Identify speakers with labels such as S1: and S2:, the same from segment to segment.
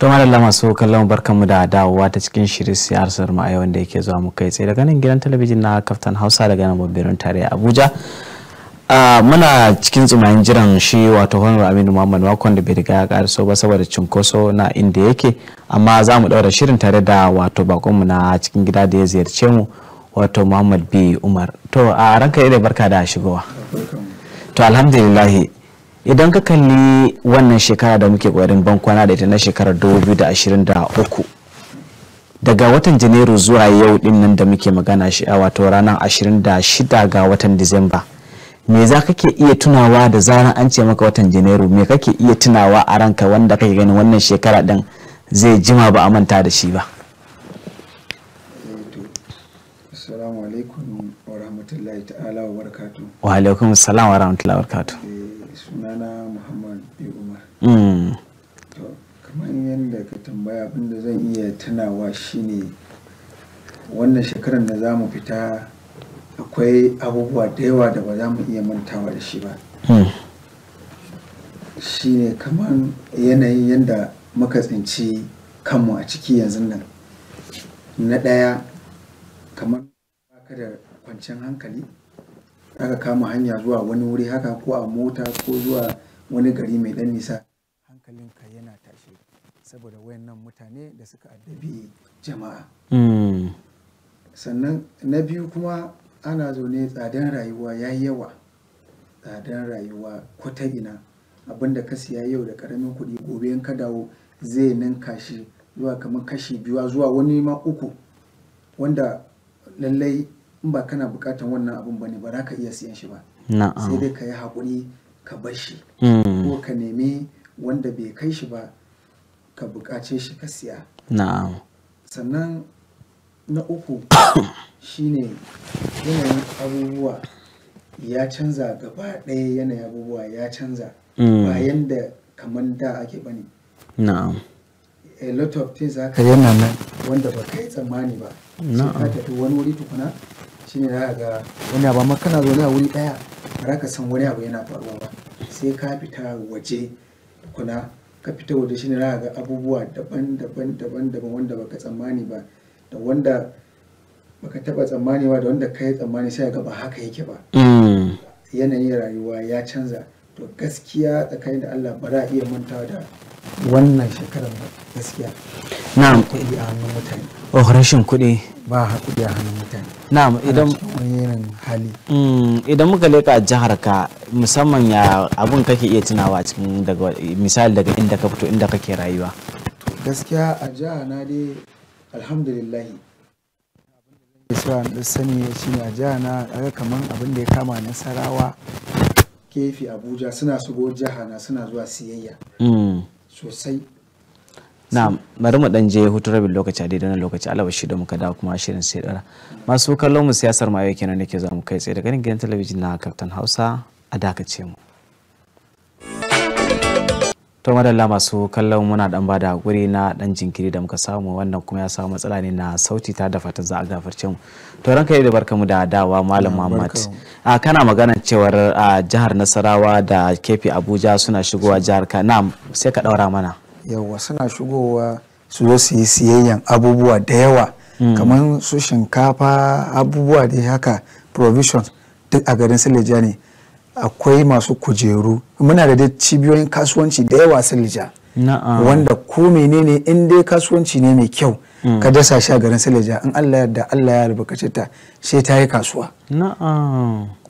S1: to madalla masu kallon barkanmu da dawowa ta cikin shirin siyasar mu a yau da yake zuwa mu kai tsaye daga nan gidan talabijin na kaftan hausa daga nan babbirin tare abuja muna cikin tsumayin jiran shi wato honar aminu muhammad makon da bai riga ya karaso ba saboda cinkoso na inda yake amma za mu daura shirin tare da wato mu na cikin gida da ya ziyarce mu wato muhammad b umar to a ranka da barka da shigowa to alhamdulillah idan ka kalli wannan shekara da muke gwarin bankwana da ita na shekarar 2023 daga watan janairu zuwa yau din nan da muke magana shi a wato ranar 26 ga watan disamba me za kake iya tunawa da zaran an ce maka watan janairu me kake iya tunawa a ranka wanda kake gani wannan shekara din zai jima ba a manta da shi ba
S2: assalamu alaikum wa rahmatullahi ta'ala wa barakatuh
S1: wa alaikum assalam wa rahmatullahi wa barakatuh sunana muhammad b umar mm.
S2: kamar yadda ka tambaya abinda zan iya tunawa shine wannan shekarar da za mu fita akwai abubuwa da yawa da ba za mu iya mantawa da shi ba mm. shine kamar yanayin yadda muka tsinci kanmu a ciki yanzu nan na ɗaya kamar baka da kwanciyar hankali zaka kama hanya zuwa wani wuri haka ko a mota ko zuwa wani gari mai dan nisa hankalinka yana tashi saboda wayannan mutane da suka addabi jama'a
S1: hmm.
S2: sannan na biyu kuma ana zaune tsadan rayuwa ya yi yawa tsadan rayuwa kwata ina abinda ka siya yau da karamin kuɗi gobe in ka dawo zai ninka shi zuwa kamar kashi biyu zuwa wani ma uku wanda lallai in ba kana bukatan wannan abun bane ba za ka iya siyan shi ba sai dai ka yi haƙuri ka bar shi hmm. ko ka nemi wanda bai kai shi ba ka bukace shi ka siya sannan na uku shine yanayin abubuwa ya canza gaba ɗaya yanayin abubuwa ya canza hmm. bayan da kamar da ake bane na'am a lot of things haka yana nan wanda ba kai tsammani ba sai ka tafi wani wuri tukuna shine za ga wani abu amma kana zaune a wuri daya ba za ka san wani abu yana faruwa ba sai ka fita waje kuna ka fita waje shine za ga abubuwa daban-daban daban-daban wanda baka tsammani ba da wanda baka taba tsammani ba da wanda ka yi tsammani sai ga ba haka yake ba mm. yanayin rayuwa ya canza to gaskiya tsakanin da Allah ba za a iya mantawa da wannan shekarar gaskiya na'am kuɗi a hannun mutane oh
S1: rashin kuɗi ba kuɗi a hannun mutane
S2: na'am idan yanayin hali mm, idan
S1: muka leka jihar ka musamman ya abun kake iya tunawa cikin daga misali daga inda ka fito inda kake rayuwa
S2: gaskiya a jihar na dai alhamdulillahi cewa da sani shi a jihar na daga kaman abin da ya kama nasarawa kefi abuja suna shigo jihar na suna zuwa siyayya
S1: mm. sosai na bari mu dan je hutu rabin lokaci a daidai lokaci alaba shi da muka dawo kuma shirin sai dara masu kallon mu siyasar ma kenan nake za kai tsaye daga gidan talabijin na kaftan hausa a dakace mu da madalla masu kallon muna dan ba da hakuri na dan jinkiri da muka samu wannan kuma ya samu matsala ne na sauti ta da fatan za a gafarce mu to ranka da barkamu da dawa malam Muhammad a kana magana cewar jihar Nasarawa da Kefi Abuja suna shigowa jihar ka na sai
S2: ka daura mana yawa suna shigowa su zo su yi siyayyan abubuwa da yawa hmm. kamar su shinkafa abubuwa da haka provision duk a garin Sileja ne akwai masu kujeru muna da dai cibiyoyin kasuwanci da yawa sun lija wanda ko menene in dai kasuwanci ne mai kyau mm. ka dasa shi a garin salija in Allah da Allah ya albarkace ta she ta yi kasuwa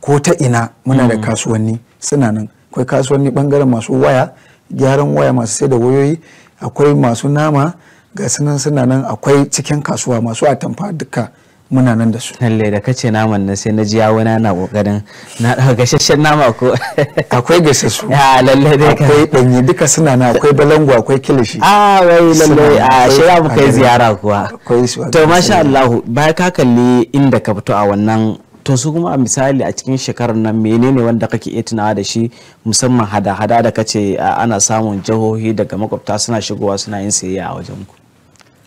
S2: ko ta ina muna da mm. kasuwanni suna nan akwai kasuwanni bangaren masu waya gyaran waya masu sai da wayoyi akwai masu nama ga sunan suna nan akwai cikin kasuwa masu atamfa duka muna nan da su
S1: lalle da kace naman nan sai na ji yawo na na kokarin
S2: na daga gasasshen nama ko akwai gashashu. Ya ah, lalle dai akwai danye duka suna na akwai balangu akwai kilishi a ah, wai lalle a ah, shi za mu kai ziyara kuwa akwai to masha Allah
S1: bayan ka kalli inda ka fito a wannan to su kuma a misali a cikin shekarar nan menene wanda kake iya tunawa da shi musamman hada-hada da kace ana samun jihohi daga makwabta suna shigowa suna yin sayayya a wajen ku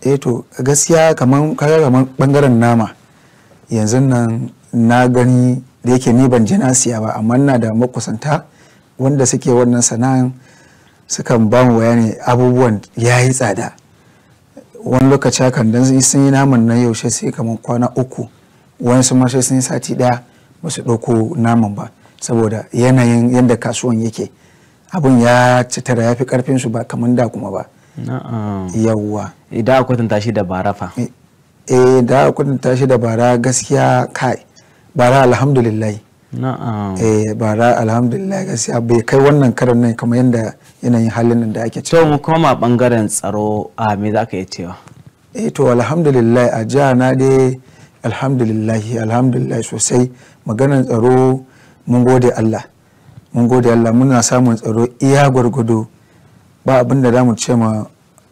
S2: eh to gaskiya kaman kaga kaman bangaren nama yanzu nan na gani da yake ni ban ji nasiya ba amma ina da makusanta wanda suke wannan sana'an sukan ba mu bayani abubuwan yayi tsada wani lokaci hakan dan sun yi naman nan yaushe sai kaman kwana uku wani sun sun yi sati daya ba su ɗauko naman ba saboda yanayin yadda kasuwan yake abun ya citara ya fi karfin su ba kaman da kuma ba yawwa idan akwai kwatanta shi da bara fa eh, eh da a kwatanta shi da bara gaskiya kai bara alhamdulillah na'am eh bara alhamdulillah gaskiya bai kai wannan karan nan kamar yadda yanayin halin nan da ake ciki to mu koma bangaren tsaro a me za ka yi cewa eh to alhamdulillah a jiha na dai alhamdulillah alhamdulillah sosai maganar tsaro mun gode Allah mun gode Allah muna samun tsaro iya gwargwado ba abin da zamu ce ma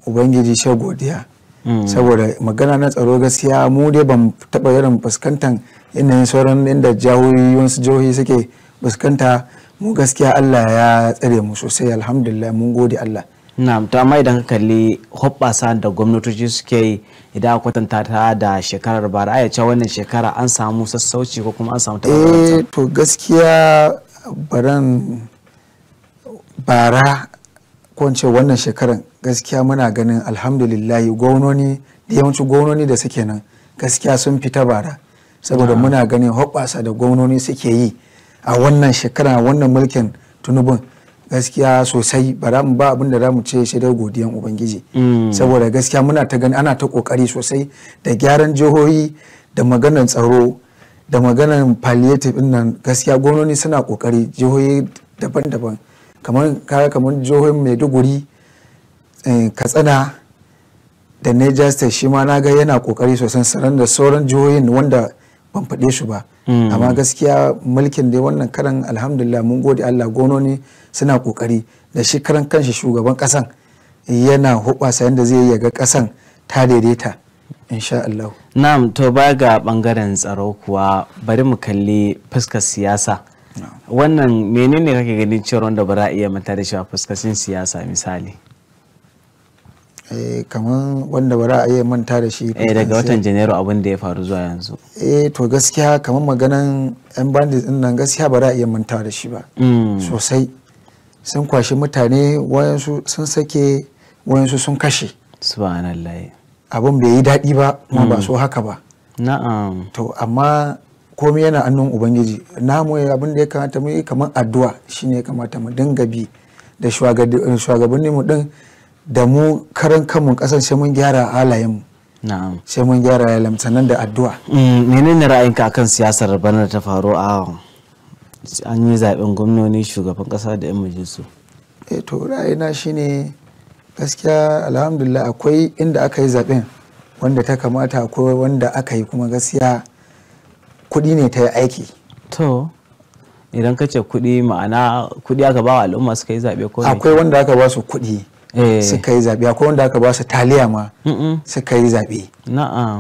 S2: ubangiji sai godiya mm. saboda magana na tsaro gaskiya mu dai ban taba irin fuskantar yanayin sauran inda jahohi wasu jihohi suke fuskanta mu gaskiya Allah ya tsare mu sosai alhamdulillah mun gode Allah
S1: na'am to amma idan ka kalli hoɓɓasa da gwamnatoci suke yi idan kwatanta ta da shekarar bara ya ce wannan shekara an samu sassauci ko kuma an samu
S2: eh to
S1: gaskiya
S2: baran bara ko in ce wannan shekaran gaskiya muna ganin alhamdulillahi gwamnoni da yawanci gwamnoni da suke nan gaskiya sun fita bara saboda muna ganin hoɓɓasa da gwamnoni suke yi a wannan shekara wannan mulkin tunubin gaskiya sosai ba mu ba abin da za mu ce shi dai godiyan ubangiji mm. saboda gaskiya muna ta gani ana ta kokari sosai da gyaran jihohi da maganan tsaro da maganar palliative nan gaskiya gwamnoni suna kokari jihohi daban-daban kamar kaya kamar jihohin maiduguri eh, katsina da niger state shi ma na ga yana kokari sosai sanar da sauran jihohin wanda ban faɗe shi ba hmm. amma gaskiya mulkin dai wannan karan alhamdulillah mun gode allah gononi suna kokari da shi karan kanshi shugaban kasan yana hubasa yadda zai yaga kasan ta daidaita insha Allah.
S1: Na'am to ba ga bangaren tsaro kuwa bari mu kalli fuskar siyasa wannan menene kake ganin cewar wanda ba za a iya manta da shi a fuskacin siyasa misali
S2: eh kamar wanda ba za a iya manta da shi eh daga watan janairu
S1: abin da ya faru zuwa yanzu
S2: eh to gaskiya kamar maganan yan bandit din nan gaskiya ba za a iya manta da shi ba mm. sosai sun kwashi mutane wayansu sun sake wayansu sun kashe
S1: subhanallah
S2: abin bai yi daɗi ba kuma ba mm. so haka ba na'am to amma komi yana annun ubangiji namu abin da ya kamata mu yi kamar addu'a shine ya kamata mu dinga bi da shugabanni mu din da mu karan kanmu kasan sai mun gyara halayen mu na'am sai mun gyara halayen sannan da addu'a mm, menene ra'ayinka akan siyasar bana ta faru a
S1: an yi zaben gwamnoni shugaban kasa da yan majalisu eh to ra'ayina
S2: shine gaskiya alhamdulillah akwai inda aka yi zaben wanda ta kamata akwai wanda aka yi kuma gaskiya kuɗi ne ta yi aiki to
S1: idan ka ce kuɗi ma'ana kuɗi aka ba wa al'umma suka yi zaɓe ko akwai wanda aka ba su
S2: kuɗi eh. suka yi zaɓe akwai wanda aka ba su taliya ma suka yi zaɓe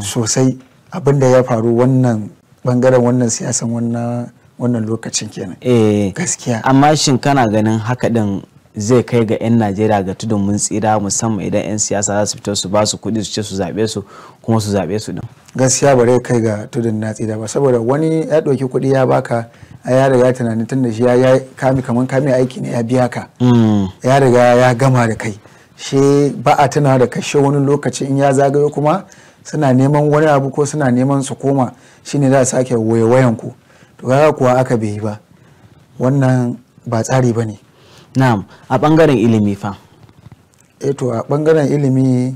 S2: sosai abin da ya faru wannan bangaren wannan siyasan wannan wannan lokacin kenan
S1: eh. gaskiya amma shin kana ganin haka din zai kai ga 'yan najeriya ga tudun mun tsira musamman idan 'yan siyasa za su fito su basu su kuɗi su ce su zaɓe su kuma su zaɓe su din
S2: gaskiya ba zai kai ga tudun na tsira ba saboda wani ya ɗauki kuɗi ya baka a ya riga tunanin tun da shi ya kami kamar kami aiki ne ya biya ka hmm. ya riga ya gama da kai shi ba a tuna da kashe wani lokaci in ya zagayo kuma suna neman wani abu ko suna neman su koma shine za a sake wayewayan ku to kuwa aka bai yi ba wannan ba tsari ba ne na'am a bangaren ilimi fa eto eh a bangaren ilimi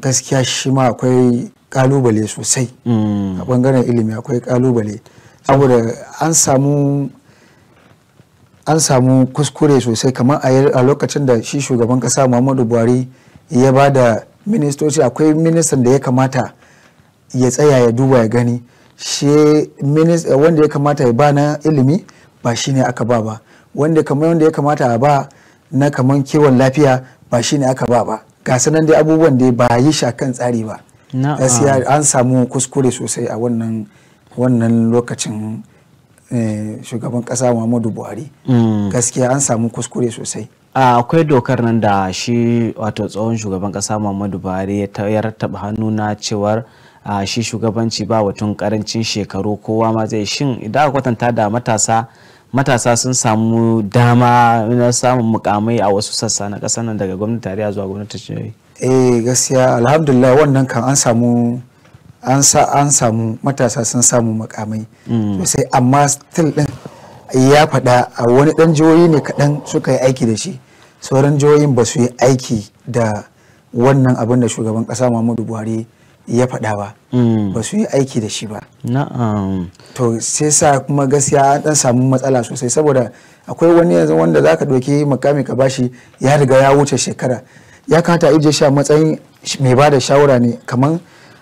S2: gaskiya shi ma akwai kalubale sosai mm. a bangaren ilimi akwai kalubale saboda an samu an samu kuskure sosai kamar a lokacin da shi shugaban kasa muhammadu buhari ya ba da ministoci akwai ministan da ya kamata ya tsaya ya duba ya gani shi wanda ya kamata ya ba na ilimi ba shi ne aka ba ba wanda kamar wanda ya kamata a ba na kamar kiwon lafiya ba shi ne aka ba ba ga sanan dai abubuwan da ba yi kan tsari ba
S1: gaskiya
S2: an samu kuskure sosai a wannan wannan lokacin eh, shugaban kasa muhammadu buhari mm. gaskiya an samu kuskure sosai
S1: akwai dokar nan da shi wato tsohon shugaban kasa muhammadu buhari ya rattaba hannu na cewar shi shugabanci ba watun karancin shekaru kowa ma zai shin idan aka kwatanta da matasa matasa sun samu dama na samun mukamai a wasu sassa na ƙasar nan daga gwamnati tarayya zuwa gwamnati jihohi
S2: eh gaskiya alhamdulillah wannan kan an samu an sa an samu matasa sun samu mukamai. Mm. sosai amma still din ya faɗa a wani ɗan jihohi ne kaɗan suka yi aiki da shi sauran jihohin ba su yi aiki da wannan abin da shugaban ƙasa muhammadu buhari ya faɗa ba mm. ba su yi aiki da shi ba to sai sa kuma gaskiya dan samu matsala sosai saboda akwai wani yanzu wanda zaka ɗauki makami ka bashi ya riga ya wuce shekara ya kata ije shi a matsayin mai ba da shawara ne kamar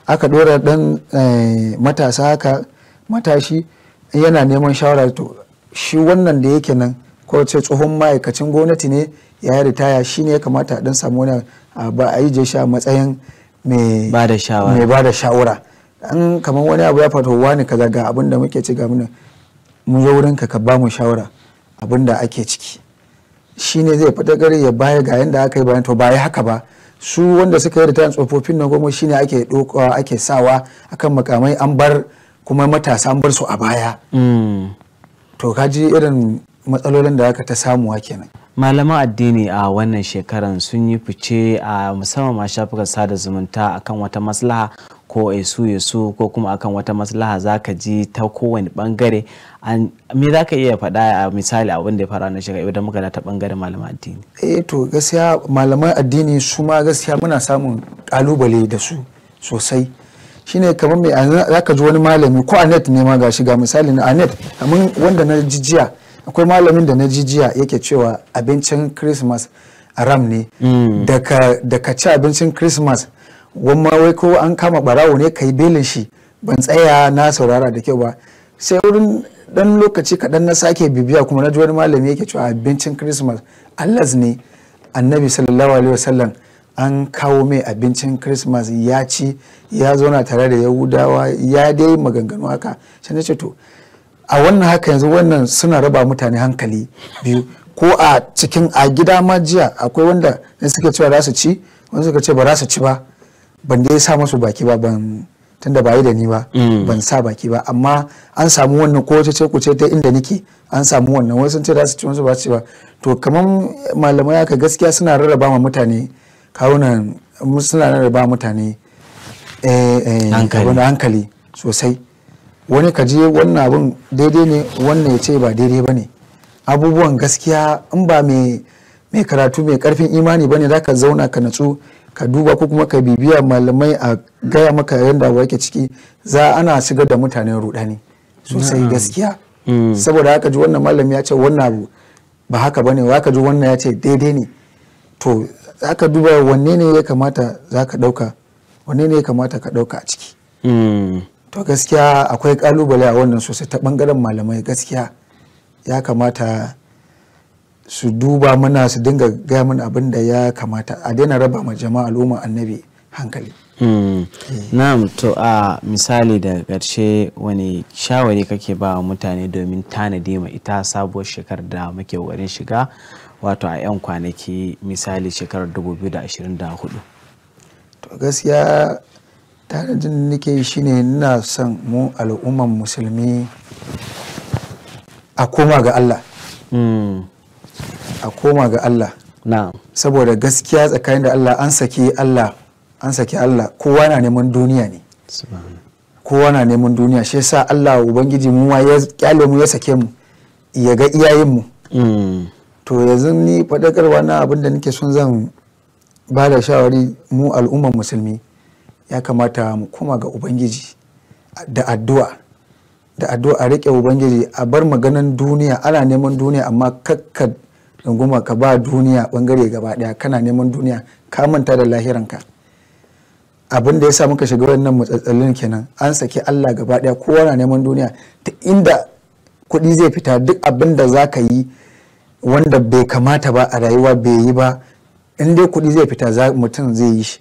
S2: aka ɗora dan eh, matasa haka matashi yana neman shawara to shi wannan da yake nan ko ce tsohon ma'aikacin gwamnati ne ya ritaya shi ne ya kamata a dan samu wani a ba a ije shi a matsayin mai ba da shawara an kamar wani abu ya fato wani kaza ga abin da muke ci ga muna mu zo wurin ka ba mu shawara abin da ake ciki shi ne zai fita gari ya baya ga yadda aka yi bayan to baya haka ba su wanda suka yi ritayen tsofaffin na goma shine ake dokawa ake sawa akan makamai an bar kuma matasa an bar su a baya
S1: mm.
S2: to kaji irin matsalolin da aka ta samuwa kenan
S1: malaman addini a wannan shekaran sun yi fice a musamman ma shafukan sada zumunta akan wata maslaha ko esu esu ko kuma akan wata maslaha za ka ji ta kowane bangare me za ka iya faɗa a misali abin da ya faru na shiga idan muka ta bangare malaman addini
S2: eh to gaskiya malaman addini su ma gaskiya muna samun kalubale da su sosai shine kamar mai za ka ji wani malami ko anet ne ma ga shiga misali na anet amma wanda na jijiya akwai malamin da na jijiya yake cewa abincin christmas ram ne mm. da ka ci abincin christmas wamma wai ko an kama barawo ne ka yi belin shi ban tsaya na saurara da kyau ba sai wurin dan lokaci kaɗan na sake bibiya kuma na ji wani malami yake cewa abincin christmas allas ne annabi sallallahu alaihi wasallam an kawo mai abincin christmas ya ci ya zauna tare da yahudawa ya dai maganganu haka sai ce to a wannan haka yanzu wannan suna raba mutane hankali biyu ko a cikin a gida ma jiya akwai wanda in suka cewa za su ci wanda suka ce ba za su ci ba ban dai sa masu baki ba ban tunda ba yi da ni ba mm. ban sa baki ba amma an samu wannan ko wace ce kuce ta inda nake an samu wannan wasu ce za su ci wasu ba su ci ba to kamar malamai haka gaskiya suna rarraba ma mutane kawunan suna rarraba mutane eh, eh, hankali sosai wani ka je wannan abin daidai ne wannan ya ce ba daidai ba ne abubuwan gaskiya in ba mai karatu mai karfin imani ba ne za ka zauna ka natsu ka duba ko kuma ka bibiya malamai a gaya maka yadda abu yake ciki za ana shigar da mutanen rudani sosai gaskiya
S1: mm. saboda
S2: haka ji wannan malami ya ce wannan abu ba haka ba ne wa haka ji wannan ya ce daidai ne to za ka duba wanne ne ya kamata za ka ɗauka wanne ne ya kamata ka ɗauka a ciki mm. to gaskiya akwai kalubale a wannan sosai ta bangaren malamai gaskiya ya kamata su duba mana su dinga gaya mana abin da ya kamata a daina raba ma jama'a al'umma annabi hankali
S1: hmm. eh. Na'am to a misali da ƙarshe wani shawari kake ba wa mutane domin tanadi ma ita sabuwar shekarar da muke warin shiga wato a 'yan kwanaki misali shekarar
S2: 2024. To gaskiya tanajin da nake shi ne na son mu al'umman musulmi a koma ga Allah hmm. a koma ga Allah saboda gaskiya tsakanin da Allah an saki Allah an saki Allah kowa na neman duniya ne kowa na neman duniya shi yasa Allah ubangiji mu ma ya kyale mu ya sake mu ya ga iyayen mu hmm. to yanzu ni faɗakarwa na abin da nake son zan ba da shawari mu al'umman musulmi ya kamata mu koma ga ubangiji da addu'a da addu'a a riƙe ubangiji a bar maganan duniya ana neman duniya amma kakka dunguma ka ba duniya bangare gaba daya kana neman duniya ka manta da lahiranka abin da ya sa muka shiga wannan matsatsalin kenan an saki Allah gaba daya kowa na neman duniya ta inda kuɗi zai fita duk abin da za ka yi wanda bai kamata ba a rayuwa bai yi ba in dai kuɗi zai fita mutum zai yi shi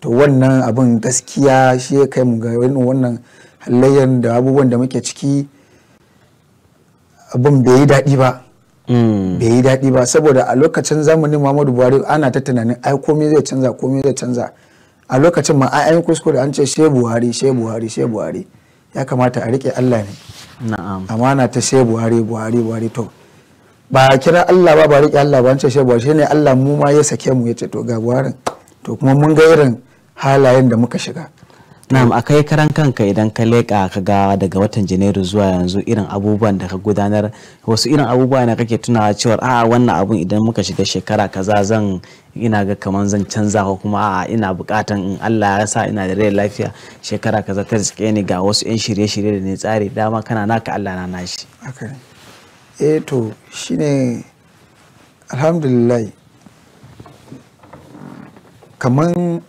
S2: to wannan abin gaskiya shi ya kai mu ga wannan halayyar da abubuwan da muke ciki abin bai yi daɗi ba mm. bai yi daɗi ba saboda a lokacin zamanin muhammadu buhari ana ta tunanin ai komai zai canza komai zai canza a lokacin ma ai an kuskure an ce she buhari she buhari she buhari ya kamata a rike allah ne amana ta she buhari buhari buhari to ba a kira allah ba ba rike allah ba an ce she buhari shine allah mu ma ya sake mu ya ce to ga Buhari to kuma mun ga irin halayen da muka shiga
S1: na'am akai karan kanka idan ka leƙa ka ga daga watan janairu zuwa yanzu irin abubuwan da ka gudanar wasu irin abubuwa ne kake tunawa cewa a wannan abun idan muka shiga shekara kaza zan ina ga kaman zan canza ko kuma a ina bukatan in Allah ya sa ina da rai lafiya shekara kaza ta tsike ni ga wasu yan shirye-shirye da ne tsari dama kana naka Allah na nashi
S2: okay eh to shine alhamdulillah kaman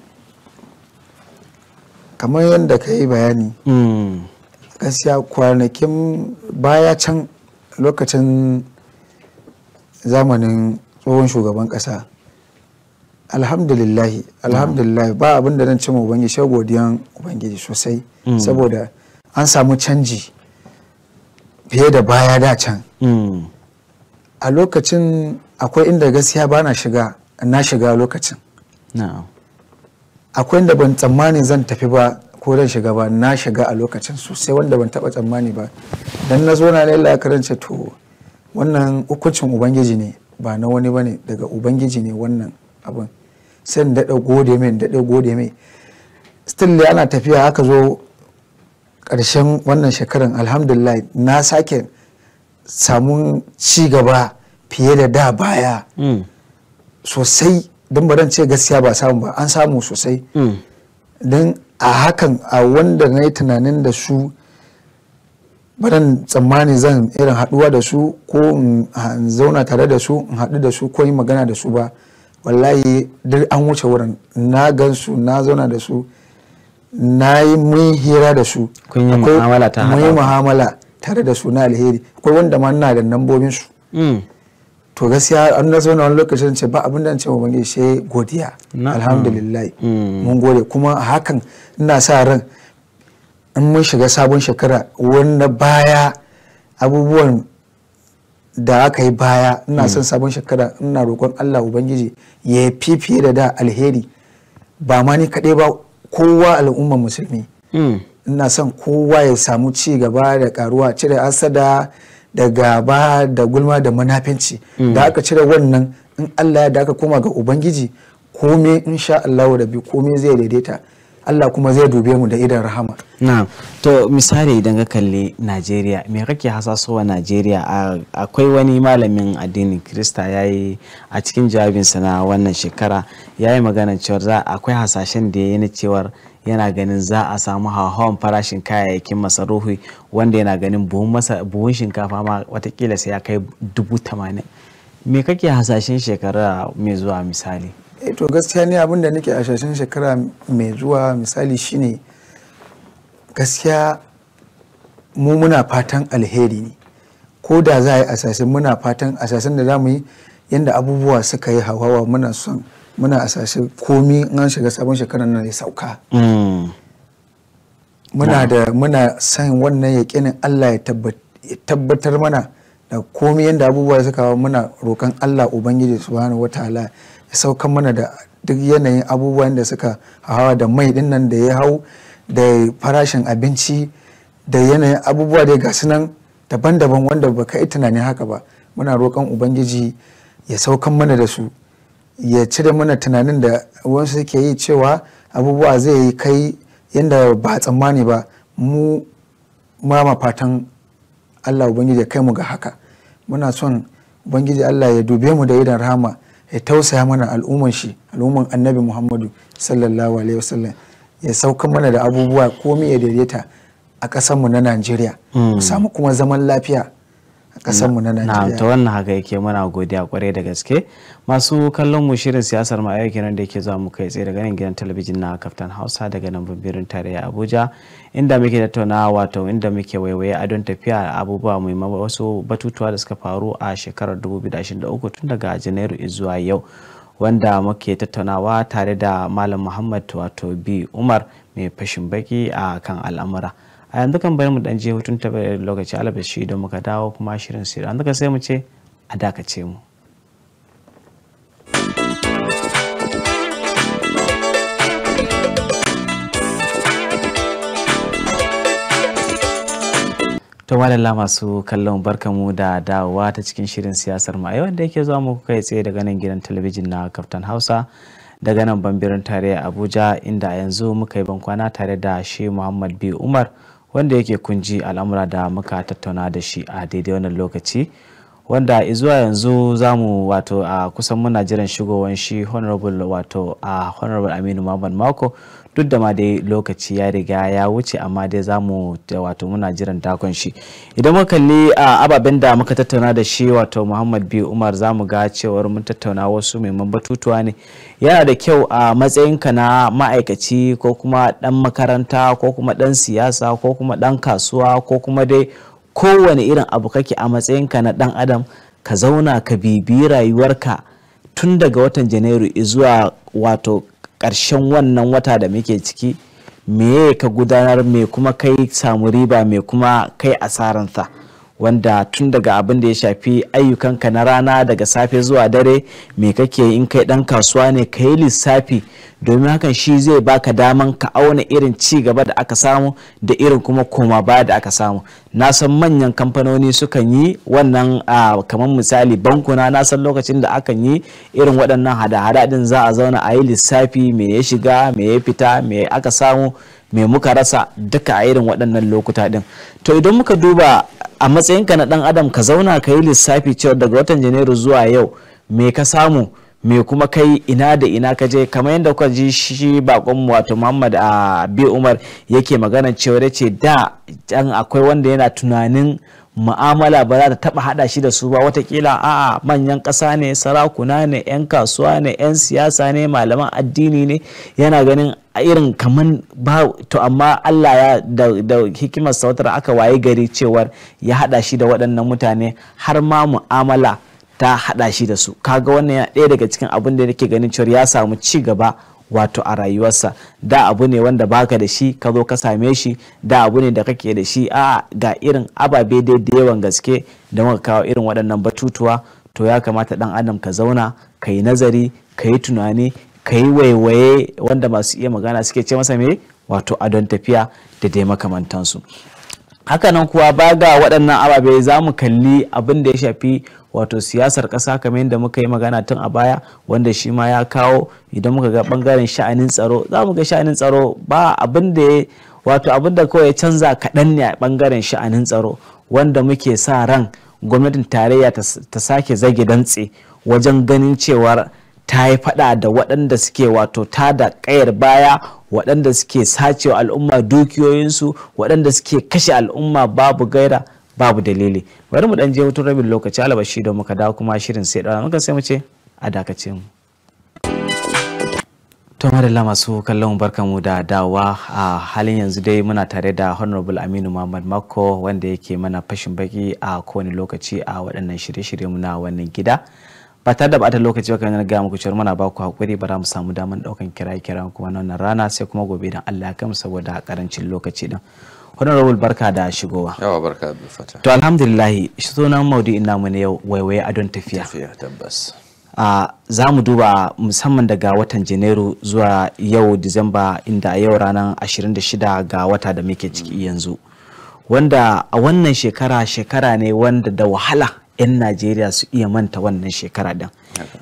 S2: kamar yadda ka yi bayani hmm. gaskiya kwanakin baya can lokacin zamanin tsohon shugaban kasa alhamdulillahi alhamdulillahi ba abin da zan ce ma ubangiji shi godiyan ubangiji sosai hmm. saboda an samu canji fiye da baya da can hmm. a lokacin akwai inda gaskiya ba shiga na shiga lokacin akwai da ban tsammani zan tafi ba ko zan shiga ba na shiga a lokacin sosai wanda ban taba tsammani ba dan na zo na lalla karance to wannan hukuncin ubangiji ne ba na wani bane daga ubangiji ne wannan abin sai da daɗa gode mai da gode mai still ana tafiya aka zo ƙarshen wannan shekaran alhamdulillah na sake samun ci gaba fiye da da baya mm. sosai don ba ce gaskiya ba samu ba an samu sosai mm. don a hakan a wanda na yi tunanin da su baran tsammani zan irin haduwa da su ko in zauna tare da su in haɗu da su ko yi magana da su ba wallahi duk an wuce wurin na gan su na zauna da su na yi mun hira da su akwai yi mu'amala tare da su na alheri akwai wanda ma na da nambobin su mm. to gaskiya an na zauna wani lokacin ce ba abin da ce wa bane she godiya alhamdulillah mm. mun gode kuma hakan ina sa ran in mun shiga sabon shekara wanda baya abubuwan da aka yi baya ina son mm. sabon shekara ina roƙon Allah ubangiji ya fifiye da da alheri ba ma ni kaɗai ba kowa al'umman musulmi mm. ina son kowa ya samu ci gaba da karuwa cire asada da gaba da gulma da munafinci mm. da aka cire wannan in Allah ya da aka koma ga ubangiji komai insha Allah wa rabi komai zai daidaita Allah kuma zai dube mu da idan rahama na
S1: to misali idan ka kalli Najeriya me kake hasasowa Najeriya akwai wani malamin addinin Krista yayi a cikin jawabinsa na wannan shekara yayi magana cewa akwai hasashen da yayi na cewar yana ganin za a samu hawan farashin kayayyakin masarufi wanda yana ganin buhun shinkafa ma watakila sai ya kai
S2: dubu tamanin me kake hasashen shekara mai zuwa misali eh to gaskiya ne abin da nake hasashen shekara mai zuwa misali shine gaskiya mu muna fatan alheri ne ko da za a yi asasin muna fatan asasin da za mu yi yadda abubuwa suka yi hawawa muna son muna asashe komi an shiga sabon shekarar nan ya sauka
S1: mm. muna
S2: da muna san wannan yakinin Allah ya tabbatar mana da komi yadda abubuwa suka kawo muna roƙon Allah Ubangiji subhanahu wataala ya sauka mana da duk yanayin abubuwan da suka hawa da mai din nan da ya hau da farashin abinci da yanayin abubuwa da gasu nan daban-daban wanda baka yi tunani haka ba muna roƙon Ubangiji ya saukan mana da su ya cire mana tunanin da wasu suke yi cewa abubuwa zai yi kai yadda ba tsammani ba mu ma fatan allah ubangiji ya kai mu ga haka muna son ubangiji allah ya dube mu da idan rahama ya tausaya mana al'umman shi al'umman annabi muhammadu sallallahu alaihi wasallam ya sauka mana da abubuwa komai ya daidaita a mu na najeriya mu mm. samu kuma zaman lafiya kasanmu na Najeriya. ta wannan
S1: haka yake muna godiya kwarai da gaske. Masu kallon mu shirin siyasar ma yau nan da yake zuwa mu kai tsaye daga nan gidan talabijin na Kaftan Hausa daga nan birin tarayya Abuja inda muke tattaunawa wato inda muke waiwaye a don tafiya abubuwa mai wasu batutuwa da suka faru a shekarar 2023 tun daga Janairu zuwa yau. wanda muke tattaunawa tare da Malam Muhammad wato bi Umar mai fashin baki a kan al'amura. a yanzu kan bari mu dan je hutun ta lokaci alabashi don muka dawo kuma shirin sirri yanzu ka sai mu ce a dakace mu to malalla masu kallon barkamu da dawowa ta cikin shirin siyasar ma yau da yake zuwa muku kai tsaye daga nan gidan talabijin na kaftan hausa daga nan bambirin tarayya abuja inda yanzu muka yi bankwana tare da shi muhammad b umar wanda yake kunji al'amura da muka tattauna da shi a daidai wannan lokaci wanda zuwa yanzu za wato a kusan muna jiran shigowan shi honorable wato a honorable aminu mamman mako duk da ma dai lokaci ya riga ya wuce amma dai za mu wato muna jiran takon shi idan muka kalli a ababen da muka tattauna da shi wato muhammad bi umar za mu ga cewar mun tattauna wasu muhimman batutuwa ne yana da kyau a matsayinka na ma'aikaci ko kuma dan makaranta ko kuma dan siyasa ko kuma dan kasuwa ko kuma dai kowane irin abu kake a matsayinka na dan adam ka zauna ka bibi rayuwarka tun daga watan janairu zuwa wato ƙarshen wannan wata da muke ciki meye ka gudanar me kuma kai samu riba me kuma kai sa wanda tun daga abin da ya shafi ayyukanka na rana daga safe zuwa dare me kake in kai dan kasuwa ne ka yi lissafi domin hakan shi zai baka daman ka auna irin ci gaba da aka samu da irin kuma koma baya da aka samu na san manyan kamfanoni sukan yi wannan kamar misali bankuna na san lokacin da akan yi irin waɗannan hada-hada din za a zauna a yi lissafi me ya shiga me ya fita me aka samu me muka rasa duka a irin waɗannan lokuta din to idan muka duba a matsayinka na ɗan adam ka zauna ka yi lissafi cewa daga watan janairu zuwa yau me ka samu me kuma kai ina da ina ka je kamar yadda kuka ji shi bakon wato muhammad a ah, umar yake magana cewa da ce da akwai wanda yana tunanin mu'amala ba za ta taba hada shi da su ba watakila a'a manyan kasa ne sarakuna ne 'yan kasuwa ne 'yan siyasa ne malaman addini ne yana ganin a irin kaman ba to amma Allah ya da, da hikimar sautar aka waye gari cewar ya hada shi da waɗannan mutane har ma mu'amala ta hada shi da su kaga wannan ɗaya daga cikin abin da nake ganin cewar ya samu ci gaba wato a rayuwarsa da abu ne wanda baka da shi ka zo ka same shi da abu ne da kake da shi a ga irin ababe dai da yawan gaske da muka kawo irin waɗannan batutuwa to ya kamata ɗan adam ka zauna ka yi nazari ka yi tunani ka yi waiwaye wanda masu iya magana suke ce masa me wato adon tafiya da dai makamantansu hakanan kuwa ba ga waɗannan ababe za mu kalli abin da ya shafi wato siyasar kasa kamar yadda muka yi magana tun a baya wanda shi ma ya kawo idan muka ga bangaren sha'anin tsaro za mu ga sha'anin tsaro ba abin da ya wato abin da kawai ya canza kaɗan ne a bangaren sha'anin tsaro wanda muke sa ran gwamnatin tarayya ta sake zage dantse wajen ganin cewar ta yi fada da waɗanda suke wato ta da ƙayar baya waɗanda suke sacewa al'umma dukiyoyinsu waɗanda suke kashe al'umma babu gaira babu dalili bari mu dan je wutar rabin lokaci alabashi don muka dawo kuma shirin sai dawo muka sai mu ce a dakace mu to madalla masu kallon mu da dawa a halin yanzu dai muna tare da honorable aminu muhammad mako wanda yake mana fashin baki a kowane lokaci a waɗannan shirye-shirye na wannan gida ba tare da ba lokaci ba kan gaya muku cewa muna ba ku hakuri ba za mu samu daman ɗaukan kira-kiran kuma nan rana sai kuma gobe dan Allah ya kama saboda karancin lokaci din honorable barka da shigowa
S3: yawa barka da fata to alhamdulillah
S1: shi sunan maudu'in mu ne yau waiwaye adon tafiya tafiya tabbas a za mu duba musamman daga watan janairu zuwa yau disamba inda a yau ranar 26 ga wata da muke ciki mm. yanzu wanda a wannan shekara shekara ne wanda da wahala 'yan najeriya su iya manta wannan shekara din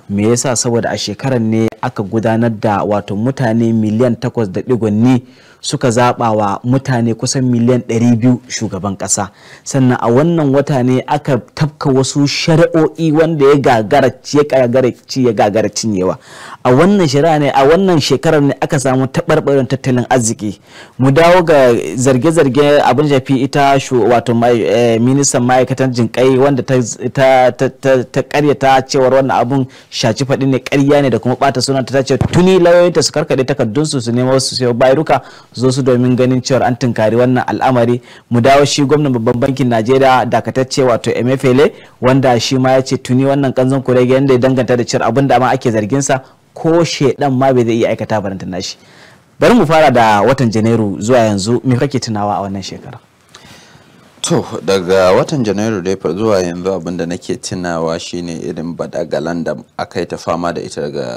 S1: me yasa saboda a shekarar ne aka gudanar da wato mutane miliyan takwas da digonni suka zaɓa wa mutane kusan miliyan 200 shugaban ƙasa sannan a wannan wata ne aka tafka wasu shari'o'i wanda ya gagara ya gagaraci ya cinyewa a wannan shari'a ne a wannan shekarar ne aka samu taɓarɓarin tattalin arziki mu dawo ga zarge-zarge abin shafi ita wato eh, ministan ma'aikatan jinƙai wanda ta ta karyata cewar wannan abun shaci faɗi ne ƙarya ne da kuma ɓata sunanta ta ce tuni lauyoyinta su karkaɗe takardunsu su nemo su sayo bayruka zo su domin ganin cewar an tunkari wannan al'amari mu dawo shi gwamnan babban bankin najeriya dakatacce wato emefiele wanda shi ma ya ce tuni wannan kanzon kurege yadda ya danganta da cewar abin da ma ake zargin sa ko shedan ma bai zai iya aikata baranta nashi bari mu fara da watan janairu zuwa yanzu me kake tunawa a wannan shekara
S3: to daga watan janairu dai zuwa yanzu abin da nake tunawa shine irin badagalan da aka yi ta fama da ita daga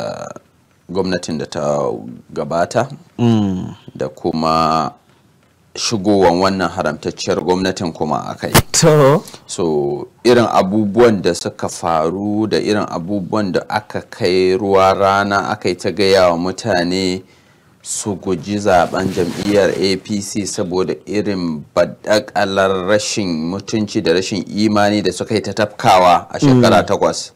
S3: gwamnatin da ta gabata mm. da kuma shigowan wannan haramtacciyar gwamnatin kuma a kai. So irin abubuwan da suka faru da irin abubuwan da aka kai ruwa rana aka yi ta gaya wa mutane su guji zaben jam'iyyar APC saboda irin baddakalar rashin mutunci da rashin imani da suka yi ta tafkawa a shekara mm. takwas.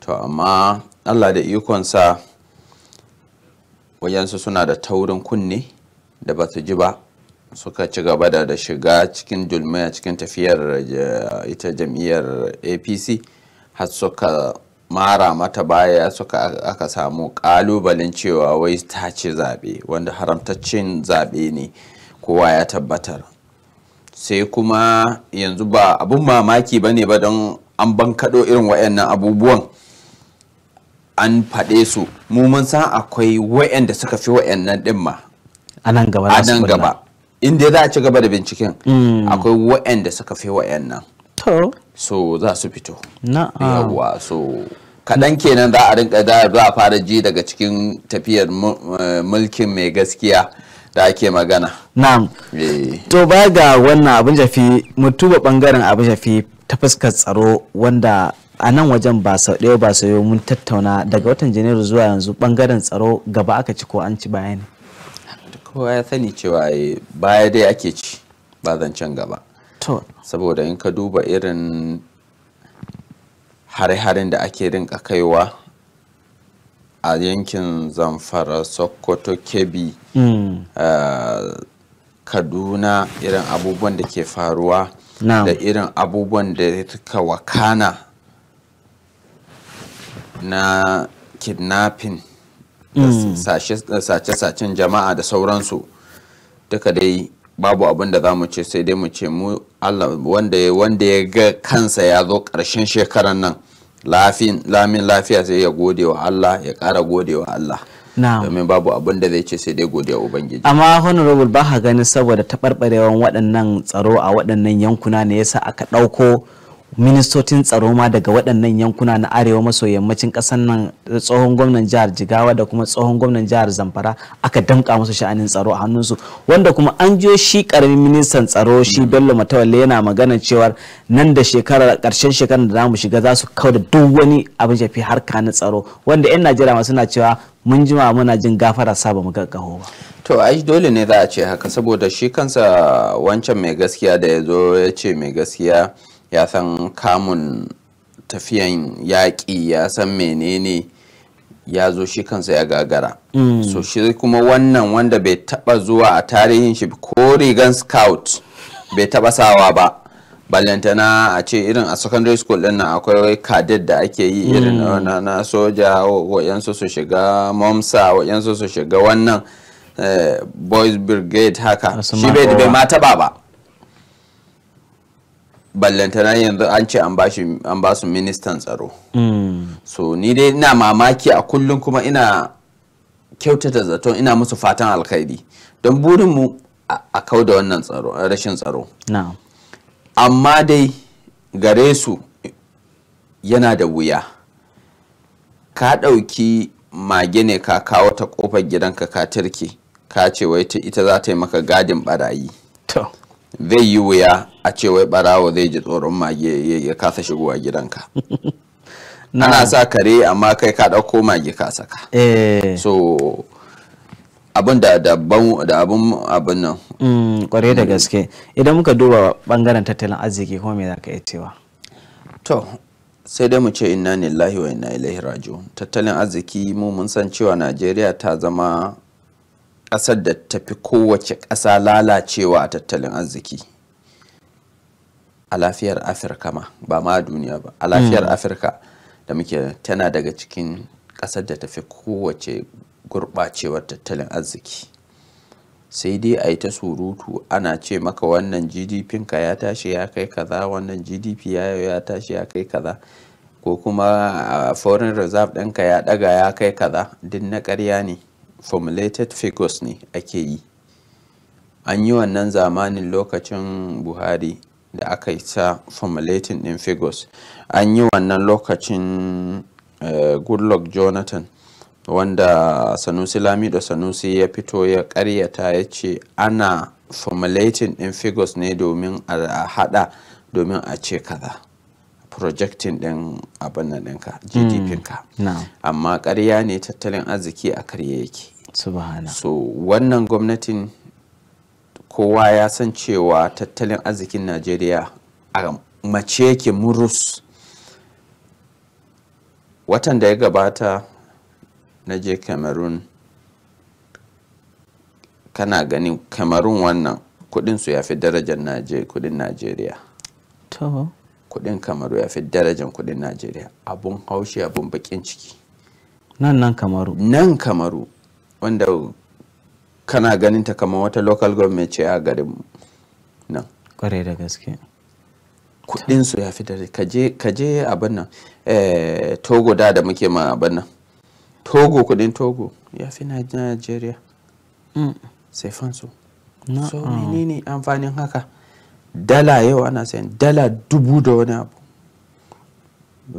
S3: To amma Allah da ikonsa wayansu suna da taurin kunne da ba su ji ba suka ci gaba da shiga cikin dulmiya cikin tafiyar eh, ita jam'iyyar apc har suka mara mata baya suka aka samu kalubalen cewa wai ta ci zaɓe wanda haramtaccen zaɓe ne kowa ya tabbatar sai kuma yanzu ba abun mamaki ba ne ba don an bankaɗo irin waɗannan abubuwan an faɗe su mu mun san akwai wa'anda suka fi wa'annan din ma a nan gaba a nan gaba inda za a ci gaba da binciken hmm. akwai wa'anda suka fi wa'annan to so za su fito yawa so kaɗan kenan za a rinka za a fara ji daga cikin tafiyar eh, mulkin mai gaskiya da ake magana na'am eh.
S1: to ba ga wannan abin jafi mutuba bangaren abin jafi ta fuskar tsaro wanda a nan wajen ba sau ɗaya ba sau mun tattauna daga watan janairu zuwa yanzu bangaren tsaro gaba aka ci ko an ci baya
S3: kowa ya sani cewa eh, baya dai ake ci ba zancen gaba saboda in ka duba irin hare-haren da ake rinka kaiwa a yankin zamfara sokoto kebi mm. eh, kaduna irin abubuwan da ke faruwa da irin abubuwan da suka wakana na kidnapping mm. sace-sacen jama'a da sauransu duka dai babu abin da za mu ce sai dai mu ce mu Allah wanda ya ga kansa ya zo ƙarshen shekaran nan lamin lafiya sai ya gode wa Allah ya ƙara gode wa Allah domin babu abin da zai ce sai dai godiya ubangiji
S1: amma honorable ba ganin saboda taɓarɓarewan waɗannan tsaro a waɗannan yankuna ne yasa aka ɗauko ministocin tsaro ma daga waɗannan yankuna na arewa maso yammacin ƙasar nan tsohon gwamnan jihar jigawa da kuma tsohon gwamnan jihar zamfara aka damƙa musu sha'anin tsaro a hannunsu wanda kuma an jiyo shi ƙaramin ministan tsaro shi bello matawalle yana magana cewar nan da shekarar ƙarshen shekarar da zamu shiga za su kau da duk wani abin shafi harka na tsaro wanda 'yan najeriya ma suna cewa mun jima muna jin gafara sa ba mu gaggaho ba
S3: to ai dole ne za a ce haka saboda shi kansa wancan mai gaskiya da ya zo ya ce mai gaskiya ya san kamun tafiyan yaƙi ya san menene ya zo shi kansa ya gagara mm. so shi kuma wannan wanda bai taba zuwa a tarihin shi ko rigan scout bai taba sawa ba ballantana a ce irin a secondary school din nan akwai cadet da ake yi mm. irin mm. na, na soja wayansu su shiga momsa wayansu su shiga wannan eh, boys brigade haka shi bai ma taba ba ballantana yanzu an ce an ba su ministan tsaro
S1: mm.
S3: so ni dai ina mamaki a kullum kuma ina kyautata zaton ina musu fatan alkhairi don burinmu a kau da wannan tsaro a rashin tsaro amma dai gare su yana da wuya ka ɗauki mage ne ka kawo ta ƙofar gidanka ka turke ka ce wai ita za ta yi maka gadin barayi zai yi wuya a ce wai barawo zai ji tsoron mage ya kasa shigowa gidanka ana sa kare amma kai ka ɗauko mage ka saka eh. so abin da abin abin nan
S1: kware mm, da mm. gaske idan muka duba bangaren tattalin arziki kuma me za ka iya cewa
S3: to sai dai mu ce inna lillahi wa inna ilaihi raji'un tattalin arziki mu mun san cewa najeriya ta zama kasar da tafi kowace ƙasa lalacewa a tattalin arziki a lafiyar afirka ma ba ma duniya ba a lafiyar hmm. afirka da muke tana daga cikin ƙasar da tafi kowace gurɓacewar tattalin arziki sai dai a yi ta surutu ana ce maka wannan gdp ka ya tashi ya kai kaza wannan gdp ya ya tashi ya kai kaza ko kuma foreign reserve ɗinka ya ɗaga ya kai kaza duk na ƙarya ne formulated figures ne ake yi an yi wannan zamanin lokacin buhari da aka yi ta formulating din figures an yi wannan lokacin uh, goodluck jonathan wanda sanusi lamido sanusi ya fito ya karyata ya ce ana formulating din figures ne domin a hada domin a ce kaza projecting din abin nan ɗinka hmm. gdp ka amma ƙarya ne tattalin arziki a karye yake so wannan gwamnatin kowa ya san cewa tattalin arzikin najeriya a mace yake murus watan da ya gabata na je cameroon kana ganin cameroon wannan su ya fi darajar kudin najeriya kudin kamaru ya fi darajar kudin najeriya abun haushi abun bakin ciki nan nan kamaru nan kamaru wanda kana ganin ta kama wata local government ce a garin nan
S1: kwarai da gaske
S3: kudin su ya fi da ka je abin nan eh, togo da da muke ma abin nan togo kudin togo ya fi na nigeria mm, sai fansu so menene amfanin haka dala yau ana sayan dala dubu da wani abu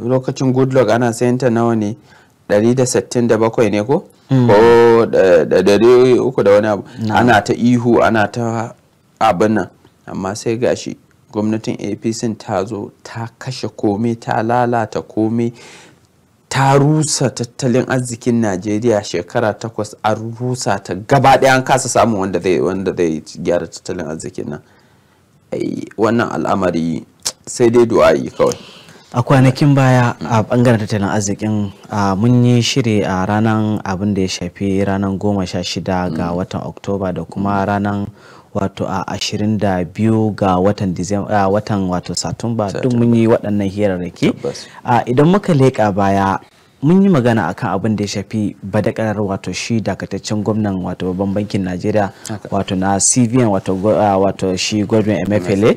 S3: lokacin goodluck ana sayan ta nawa ne 167 ne ko ko mm. da dare uku da wani abu ana ta ihu ana ta abin nan amma sai gashi gwamnatin apc ta zo ta kashe komai ta lalata komai ta rusa tattalin arzikin najeriya shekara takwas an rusa ta gaba ɗaya an kasa samun wanda zai gyara tattalin arzikin nan wannan al'amari sai dai du'a'i kawai
S1: a kwanakin baya a bangaren tattalin arzikin mun yi shiri a ranar abin da ya shafi ranar goma sha shida ga mm. watan oktoba da kuma ranar wato a ashirin da biyu ga watan watan wato satumba duk mun yi waɗannan hirarraki idan muka leƙa baya mun yi magana akan abin da ya shafi badakarar wato shi dakataccen gwamnan wato babban bankin najeriya wato na cvn wato, wato shi godwin mfla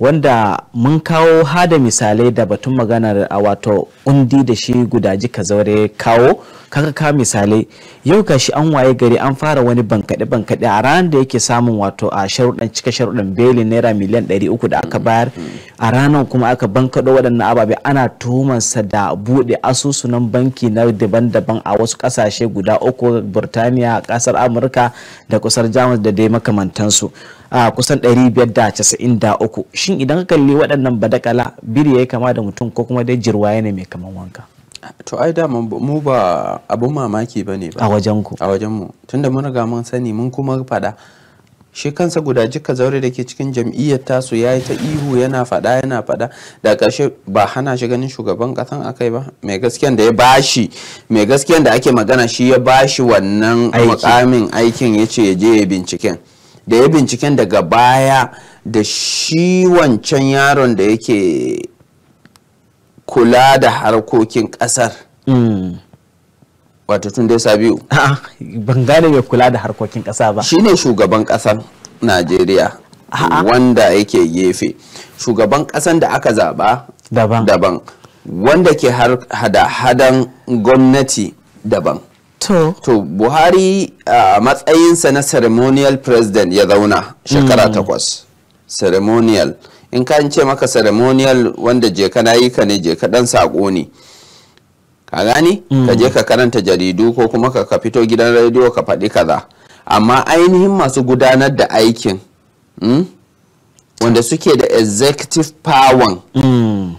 S1: wanda mun kawo hada misalai da batun maganar a wato undi da shi gudaji ka zaure kawo kaka ka misalai yau ka shi an waye gari an fara wani bankaɗe bankaɗe a ranar da yake samun wato a sharuɗan cika sharuɗan belin naira miliyan 300 da aka bayar a ranar kuma aka bankaɗo waɗannan ababe ana tuhumarsa da buɗe asusunan banki na daban-daban a wasu ƙasashe guda uku burtaniya ƙasar amurka da kusar jamus da dai makamantansu a kusan 593 shin idan ka kalli waɗannan badakala biri ya yi kama da mutum ko kuma dai jirwa
S3: ne mai kaman wanka to ai da mu ba abun mamaki ba ne ba a wajen ku a wajen mu tunda mun riga mun sani mun kuma faɗa shi kansa guda jika zaure da ke cikin jam'iyyar tasu ya yi ta ihu yana faɗa yana faɗa da ƙarshe ba hana shi ganin shugaban ƙasan akai ba mai gaskiyan da ya bashi mai gaskiyan da ake magana shi ya bashi wannan mukamin aikin ya ce ya je ya binciken da ya binciken daga baya da shi wancan yaron da yake kula da harkokin kasar hmm. wato tun dai sabiu ah, ban gane mai kula da harkokin kasa ba Shi ne shugaban kasar najeriya wanda yake gefe shugaban kasan da aka zaba daban wanda ke hada-hadan gwamnati daban To. Buhari a matsayinsa na ceremonial president ya zauna shekara mm. takwas. ceremonial in ka ce maka ceremonial wanda je ka nayi ka ne je ka dan sako ne ka gani mm. ka je ka karanta jaridu ko kuma ka fito gidan rediyo ka faɗi kaza amma ainihin masu gudanar da aikin mm? wanda suke da executive power mm.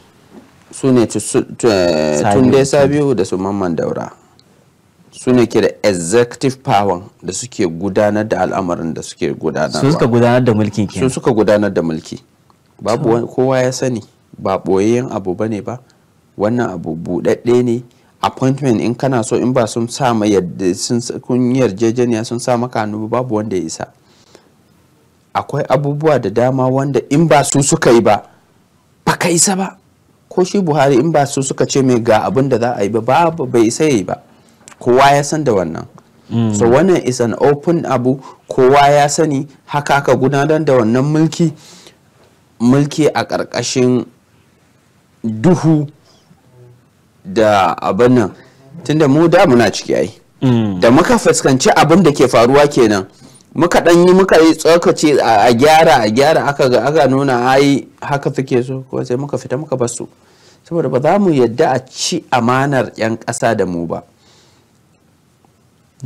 S3: su ne eh, tunde sabiu da su mamman daura su ne ke da executive power da suke gudanar da al'amarin da suke gudanar Sun suka
S1: gudanar da mulki ke su suka
S3: gudanar da mulki babu kowa ya sani ba boyayyen abu ba ne ba wannan abu buɗaɗɗe ne appointment in kana so in ba sun sa ma yadda sun kun yarjejeniya sun sa maka hannu babu wanda ya isa akwai abubuwa da dama wanda in ba su suka yi ba ba ka isa ba ko shi buhari in ba su suka ce mai ga abin da za a yi ba bai isa yi ba kowa ya san da wannan mm. so wannan is an open abu kowa ya sani haka aka gudanar da wannan mulki mulki a ƙarƙashin duhu da abin nan tunda mu da muna ciki ai mm. da muka fuskanci abin da ke faruwa kenan muka ɗan yi muka yi tsokaci a gyara a gyara aka ga aka nuna ai haka fike so ko sai muka fita muka basu saboda ba za mu yadda a ci amanar 'yan ƙasa da mu ba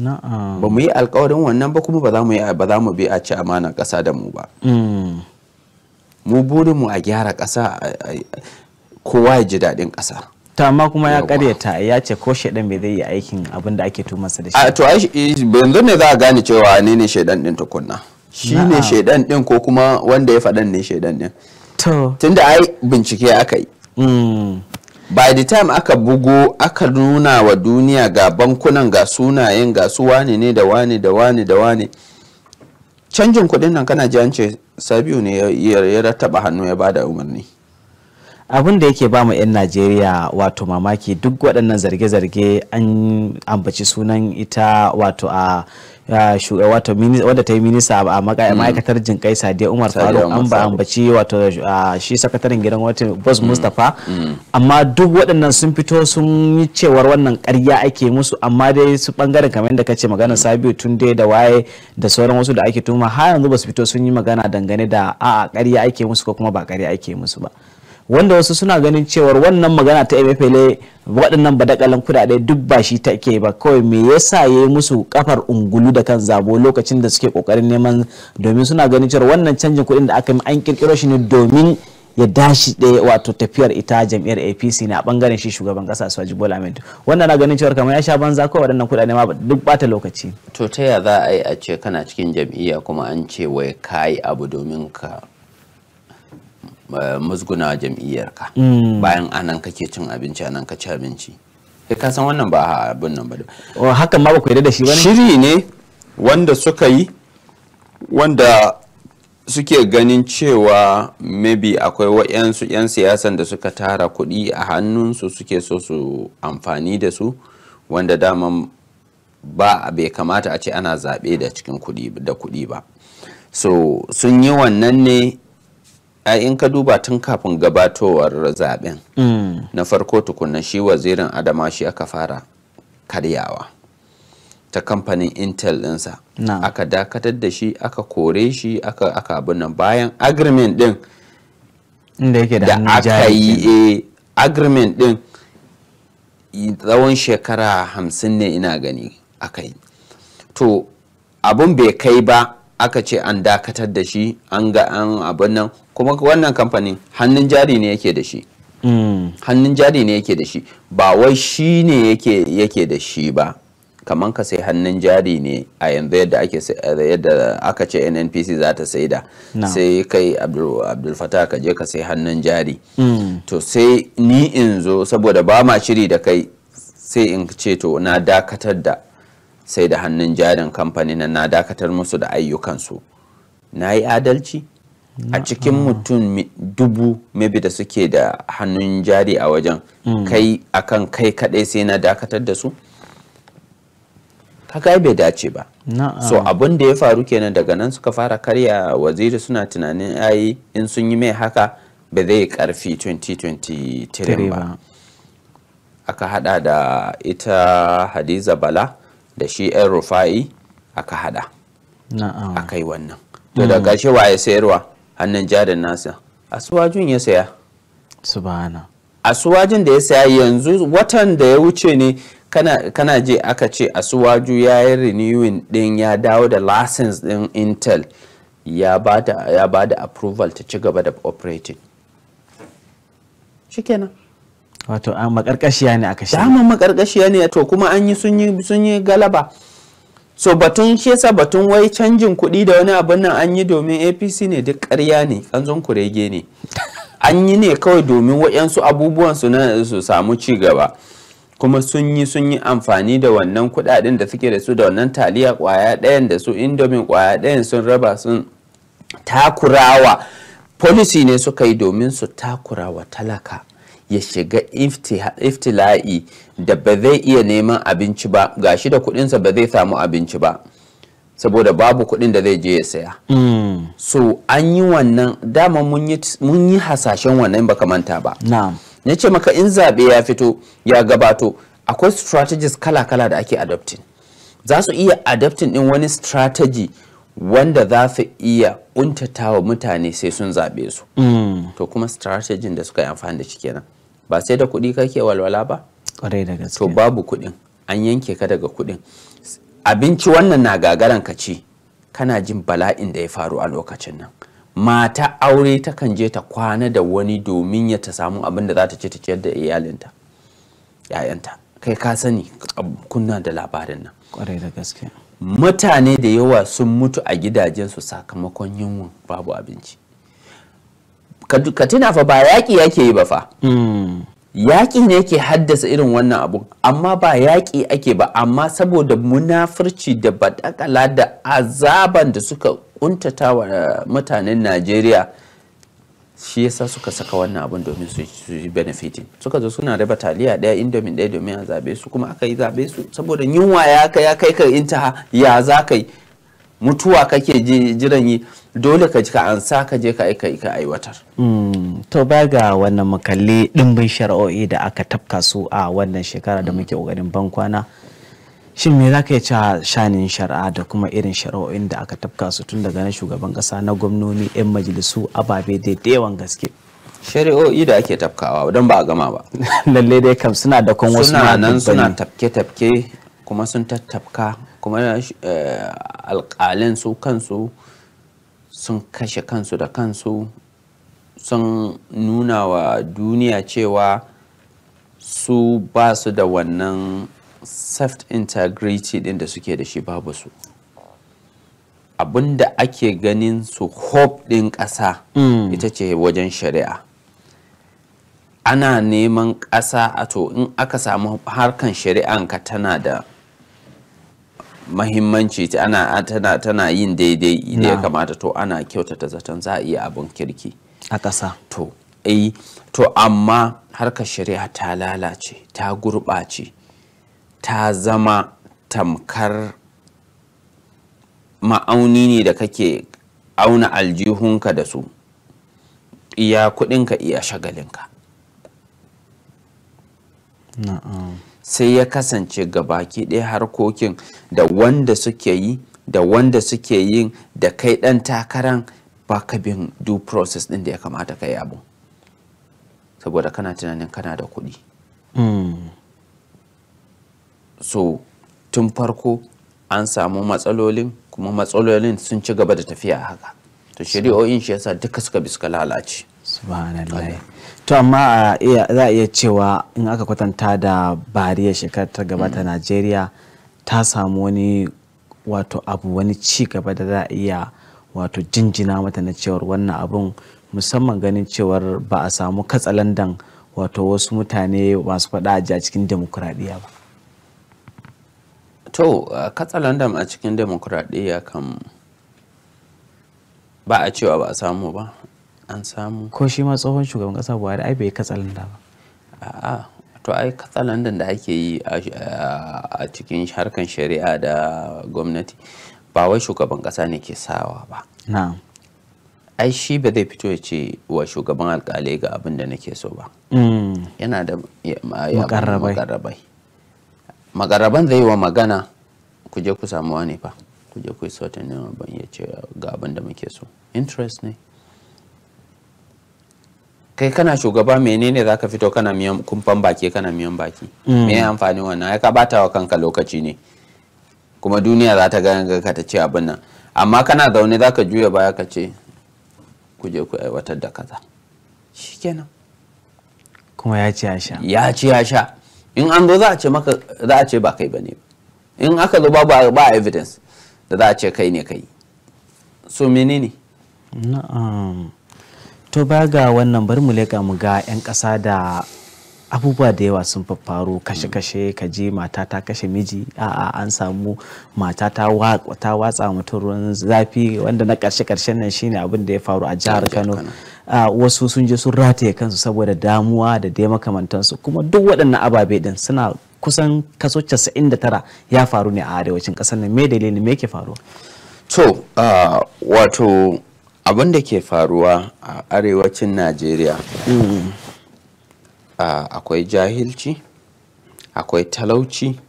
S1: ba
S3: mu yi alkawarin wannan ba kuma ba za mu bi a ci amanan kasa da mu ba mm. mu burin mu a gyara kasa kowa ya ji daɗin kasa.
S1: ta amma kuma ya karyata ya ce ko shaidan bai zai yi aikin abin da ake tumasa da shi to
S3: yanzu ne za a gane cewa ne ne shaidan din tukunna shi ne shaidan din ko kuma wanda ya faɗan ne shaidan din tunda ai bincike aka yi mm. by the time aka bugo aka nuna wa duniya ga bankunan ga sunayen ga su wane ne da wane da wane da wane canjin kudin nan kana ji an ce sabiu ne ya taba hannu ya bada umarni abin da yake ba mu 'yan najeriya
S1: wato mamaki duk waɗannan zarge-zarge an ambaci sunan ita wato a wato ta yi minista a mm. ma'aikatar kai sadiya umar faruk an ba ambaci wato shi sakataren gidan wato bos mm. mustapha mm. amma duk waɗannan sun fito sun yi cewar wannan karya ake musu amma dai su ɓangaren kamar yadda ce magana sabiu tunde da waye da sauran wasu da ake tuma har yanzu ba su fito sun yi magana dangane da a'a karya ake musu ko kuma ba karya ake musu ba wanda wasu suna ganin cewar wannan magana ta emefele waɗannan badakalan kudade duk ba shi take ba kawai me yasa ya yi musu kafar ungulu da kan zabo lokacin da suke kokarin neman domin suna ganin cewar wannan canjin kuɗin da aka yi an kirkiro shi ne domin ya dashi ɗaya wato tafiyar ita jam'iyyar apc a bangaren shi shugaban kasa su bola mintu wannan na ganin cewar kamar ya sha banza kawai waɗannan kuɗaɗe ma duk bata lokaci
S3: to ta ya za a yi a ce kana cikin jam'iyya kuma an ce wai kayi abu domin ka Eh, musguna jam'iyyarka mm. bayan anan kake cin abinci anan ka ci abinci sai ka san wannan ba abin nan ba oh, hakan ma ba ku da shi ba shiri ne wanda suka yi wanda suke ganin cewa maybe akwai wa'yansu 'yan siyasan da suka tara kuɗi a hannunsu suke so su amfani da su wanda dama ba bai kamata a ce ana zaɓe da cikin kuɗi da kuɗi ba so sun yi wannan ne a in ka duba tun kafin gabatowar zaben mm. na farko tukunna shi wazirin adama shi aka fara karyawa ta kamfanin intel ɗinsa aka dakatar da shi aka kore shi aka aka bayan agreement ɗin da aka yi eh, agreement din tsawon shekara hamsin ne ina gani aka yi to abun bai kai ba aka ce an dakatar da shi an ga an abin nan kuma wannan kamfanin hannun jari ne yake da shi mm. hannun jari ne yake da shi ba wai shi ne yake da shi ba kamar ka sai hannun jari ne a yanzu yadda aka ce nnpc za ta saida sai kai abdul fatah ka je ka sai hannun jari mm. to sai ni in zo saboda ba ma shiri da kai sai in ce to na dakatar da sai da hannun jarin kamfanin na dakatar musu da ayyukansu na yi adalci a cikin mutum dubu maybe da suke da hannun jari a wajen hmm. kai akan kai kadai sai na dakatar da su kaga bai dace ba so abin da ya faru kenan daga nan suka fara karya waziri suna tunanin ayi in sun yi mai haka ba zai karfi 2023 ba aka hada da ita hadiza bala da shi yan rufa'i aka hada aka yi wannan to mm. da ƙarshe wa ya sayarwa hannun jadon nasa asuwajin ya saya subhana asuwajin da ya saya yanzu watan da ya wuce ne kana, je aka ce asuwaju ya yi renewing din ya dawo da license din intel ya ba da approval ta ci gaba da operating shikenan wato a makarkashiya ne aka shi dama makarkashiya ne to kuma an yi sun yi sun yi galaba so batun shi yasa batun wai canjin kuɗi da wani abin nan an yi domin APC ne duk karya ne kanzon kurege ne an yi ne kawai domin waɗansu abubuwan su na su samu ci gaba kuma sun yi sun yi amfani da wannan kuɗaɗen da suke da su da wannan taliya ƙwaya ɗayan da su indomin ƙwaya ɗayan sun raba sun takurawa policy ne suka yi domin su takurawa talaka ya shiga iftila'i da ba zai iya neman abinci ba ga shi da kudinsa ba zai samu abinci ba saboda babu kudin da zai je ya saya hmm. so an yi wannan dama mun yi hasashen wannan baka manta ba na ce maka in zaɓe ya fito ya gabato akwai strategies kala-kala da ake adopting za su iya adaptin din wani strategy wanda za su iya kuntata wa mutane sai sun zaɓe su mm. to kuma strategin da suka yi amfani da shi kenan ba sai da kuɗi kake walwala ba kwarai da gaske to babu kuɗin an yanke ka daga kuɗin abinci wannan na gagaran ka ci kana jin bala'in da ya faru a lokacin nan mata aure takan je ta kwana da wani domin ya ta samu abin da za ta ce ta ciyar da iyalinta ya'yanta kai ka sani kunna da labarin nan kwarai da gaske mutane da yawa sun mutu a gidajensu sakamakon yunwa babu abinci ka tuna fa ba yaƙi yake yi ba fa
S1: hmm.
S3: yaƙi ne ke haddasa irin wannan abu amma ba yaƙi ake ba amma saboda munafurci da baɗakala da azaban da suka kuntata wa eh, mutanen najeriya shi yasa suka saka wannan abin domin su yi benefiting suka zo suna raba taliya ɗaya indomin ɗaya domin a zabe su kuma aka yi zabe su saboda yunwa ya kai ya kai ka ya za ka yi mutuwa kake jiran yi dole ka jika an sa ka je ka aika ka aiwatar.
S1: Hmm, to ba ga wannan mukalli dimbin shari'o'i da aka tafka su a wannan shekara da muke ƙoƙarin bankwana shin me za ka ci shanin shari'a da kuma irin shari'o'in da aka tafka su tun daga na shugaban kasa na gwamnoni 'yan majalisu
S3: ababe da yawan gaske shari'o'i da ake tafkawa don ba a gama ba lalle dai kam
S1: suna da kuma wasu suna nan suna
S3: tafke-tafke kuma sun tattafka kuma eh, alƙalin su kansu sun kashe kansu da kansu sun nuna wa duniya cewa su ba su da wannan self integrity din da suke da shi babu su abinda ake ganin su hope din ƙasa hmm. ita ce wajen shari'a ana neman ƙasa a to in aka samu harkan shari'anka tana da mahimmanci tana, tana, yin daidai idan ya kamata to ana kyautata zaton za a iya abin kirki a ƙasa to eh to amma harkar shari'a ta lalace ta gurɓace ta zama tamkar ma'auni ne da kake auna aljihunka da su iya kudinka iya shagalinka sai ya kasance ga baki ɗaya harkokin da wanda suke yi da wanda suke yin da kai ɗan takaran baka bin due process ɗin da ya kamata ka yi abu saboda kana tunanin kana da kuɗi mm. so tun farko an samu matsalolin kuma matsalolin sun ci gaba da tafiya haka to shari'o'in shi yasa duka suka bi suka lalace
S1: to amma eh, za a iya cewa in aka kwatanta da bariya shekarar ta gabata mm. najeriya ta samu wani wato abu wani ci gaba da za a iya wato jinjina mata na cewar wannan abun musamman ganin cewar ba a samu katsalandan wato wasu mutane masu faɗa a cikin demokuraɗiyya ba
S3: to katsalandan a cikin demokuraɗiyya kan ba a cewa ba a samu ba
S1: an samu ko shi ma tsohon shugaban ƙasa buhari ai bai katsalanda ba
S3: a'a to ai katsalandan da ake yi a cikin harkan shari'a da gwamnati ba wai shugaban ƙasa ne ke sawa ba na'am ai shi ba zai fito ya ce wa shugaban alƙalai ga abin da nake so ba
S1: mm.
S3: yana da makarrabai magaraban zai yi wa magana ku je ku samu wani fa ku je ku yi sautin ne ban ya ce ga abin da muke so interest ne kai kana shugaba menene za ka fito kana miyan kumfan baki kana miyan baki mm. me ya amfani wannan ya ka bata wa kanka lokaci ne kuma duniya za ta ganga ka ta ce abin nan amma kana zaune za ka juya baya ka ce ku je ku aiwatar da kaza shikenan kuma ya ci ya sha ya ci ya sha in an zo za a ce maka za a ce ba kai bane in aka zo babu ba evidence da za a ce kai ne kai so menene na'am
S1: to ba ga wannan bari mu leka mu ga 'yan kasa da abubuwa da yawa sun faffaro kashe-kashe ka je mata ta kashe miji a'a an samu mata ta watsa mutum ruwan zafi wanda na karshe karshen nan shine abin da ya faru a jihar kano wasu sun je sun rataye kansu saboda damuwa da dai makamantansu kuma duk waɗannan ababe din suna kusan kaso 99 ya faru ne a arewacin ƙasar nan me dalilin me ke faruwa
S3: to wato abin da ke faruwa a arewacin najeriya mm-hmm. akwai jahilci akwai talauci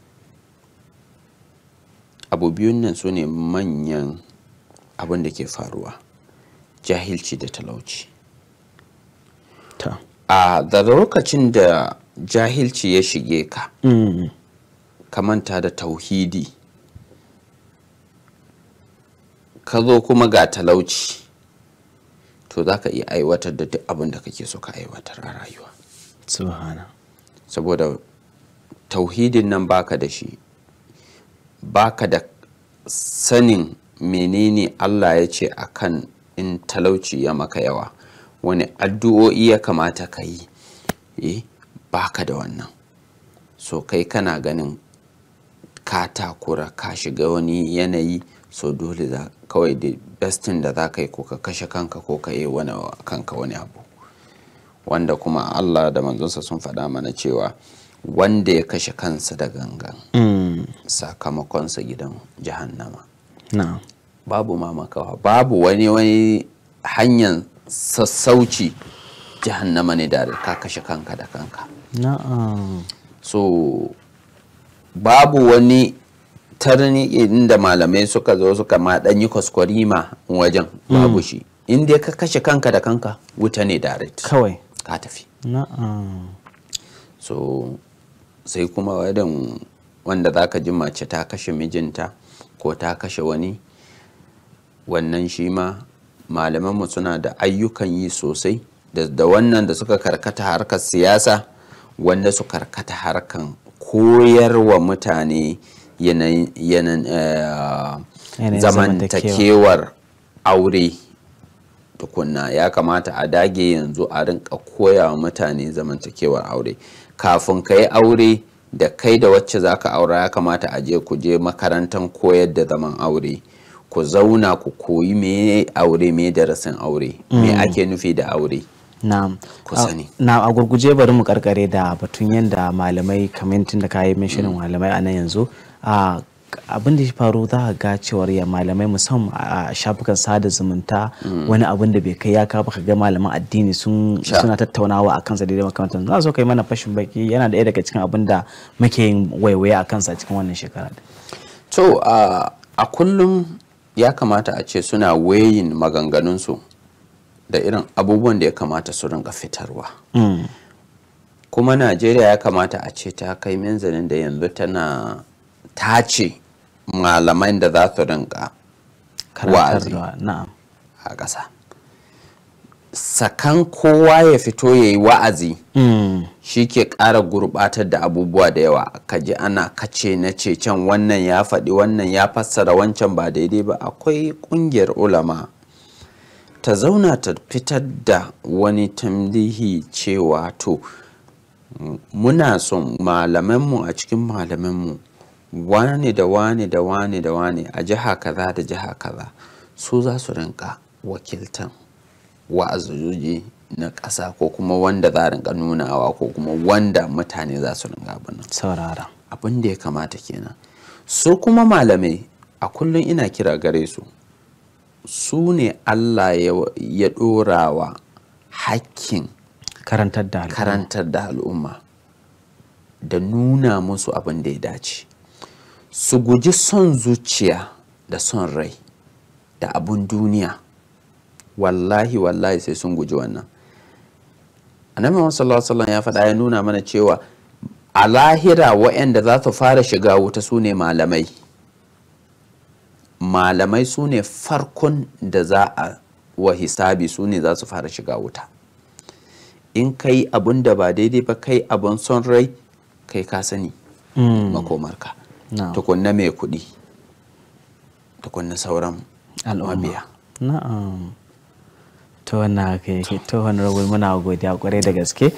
S3: abu biyun nan su ne manyan abin da ke faruwa jahilci da talauci a da lokacin da jahilci ya shige ka mm. ka manta da tauhidi ka zo kuma ga talauci to za ka iya aiwatar da duk abin da kake so ka aiwatar a rayuwa subhana saboda tauhidin nan baka da shi baka da sanin menene Allah ya ce akan in talauci ya maka yawa wani addu'o'i ya kamata ka yi eh, baka da wannan so kai kana ganin ka takura ka shiga wani yanayi so dole za kawai da bestin da za ka yi ko ka kashe kanka ko ka yi wani kanka wani abu wanda kuma allah da manzonsa sun faɗa mana cewa wanda ya kashe kansa da gangan mm. sakamakonsa gidan jahannama no. babu mamakawa babu wani wani hanyar sassauci jahannama ne da ka kashe kanka da kanka so babu wani tarni inda malamai suka zo suka ma dan yi kwaskwarima wajen babu mm. shi Inda ka kashe kanka da kanka wuta ne direct
S1: kawai ka tafi
S3: so sai kuma wadan wanda za ka ji mace ta kashe mijinta ko ta kashe wani wannan shi ma malamanmu suna da ayyukan yi sosai da wannan da suka karkata harkar siyasa wanda su karkata harkar koyar wa mutane yanayin eh,
S2: zamantakewar
S3: aure tukunna ya kamata a dage yanzu a rinka koya wa mutane zamantakewar aure kafin ka yi aure da kai da wacce za ka aura ya kamata a je ku je makarantar koyar da zaman aure ku zauna ku koyi me aure me darasin aure me mm. ake nufi da aure
S1: na a gurguje bari mu karkare da batun yadda malamai kamintin da kayi mishirin mm. malamai a nan yanzu abin da ya faru za ka ga cewar ya malamai musamman a shafukan sada zumunta mm. wani abin da bai kai ya ka ga malaman addini sun suna tattaunawa a kansa daidai makamantar za so kai mana fashin baki yana da daga cikin abin da muke yin waiwaye a kansa cikin wannan shekara
S3: to a kullum ya kamata a ce suna weyin maganganunsu da irin abubuwan da ya kamata su rinka fitarwa mm. kuma najeriya ya kamata a ce ta kai minzanin da yanzu tana tace malamai da za su ringa wa'azi a ƙasa sakan kowa ya fito ya yi wa'azi shi ke ƙara gurɓatar da abubuwa da yawa ka ji ana kace na cecen wannan ya faɗi wannan ya fassara wancan ba daidai ba akwai ƙungiyar ulama ta zauna ta fitar da wani tamlihi cewa to muna son malamanmu a cikin malamanmu wani da wani da wani da wani a jiha kaza da jiha kaza su za su rinka wakiltan wa'azoji na ƙasa ko kuma wanda za rinka nunawa ko kuma wanda mutane za su rinka abin saurara abin da ya kamata kenan su kuma malamai a kullum ina kira gare su su ne Allah ya ɗorawa hakkin karantar da al'umma da nuna musu abin da ya dace su guji son zuciya da son rai da abin duniya wallahi wallahi sai sun guji wannan annabi Muhammad sallallahu alaihi wasallam ya faɗa ya nuna mana cewa a lahira waɗanda za su fara shiga wuta su ne malamai malamai su ne farkon da za a wa hisabi su ne za su fara shiga wuta in kai abun da ba daidai ba kai abun son rai kai ka sani hmm. makomarka tukunna mai kuɗi tukunna sauran
S1: al'umma na'am to wannan haka yake to honorable muna godiya kwarai da gaske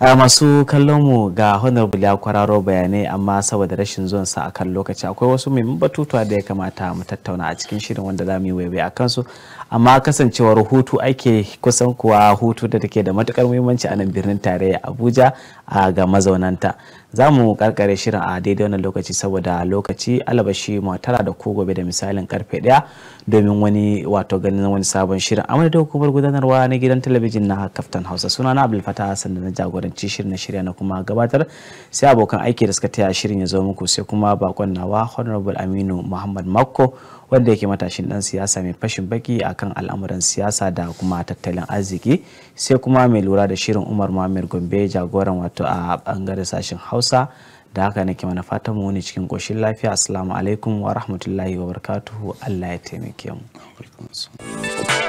S1: a masu kallon mu ga honorable ya kwararo bayanai amma saboda rashin zuwan sa akan lokaci akwai wasu muhimman batutuwa da ya kamata mu tattauna a cikin shirin wanda za mu yi waiwai a kansu amma kasancewar hutu ake kusan kuwa hutu da take da matukar muhimmanci a nan birnin tarayya abuja a ga mazaunanta za mu karkare shirin a daidai wannan lokaci saboda lokaci alabashi tara da ko gobe da misalin karfe daya domin wani wato ganin wani sabon shirin amma da hukumar gudanarwa na gidan talabijin na kaftan hausa suna na abdul fata hassan na jagoranci shirin na shirya na kuma gabatar sai abokan aiki da suka taya shirin ya zo muku sai kuma bakon nawa honorable aminu muhammad makko wanda yake matashin dan siyasa mai fashin baki akan al'amuran siyasa da kuma tattalin arziki sai kuma mai lura da shirin umar mamir gombe jagoran wato a bangare sashen hausa da haka nake mana fatan mu wani cikin koshin lafiya assalamu alaikum wa rahmatullahi wa barakatuhu allah ya taimake mu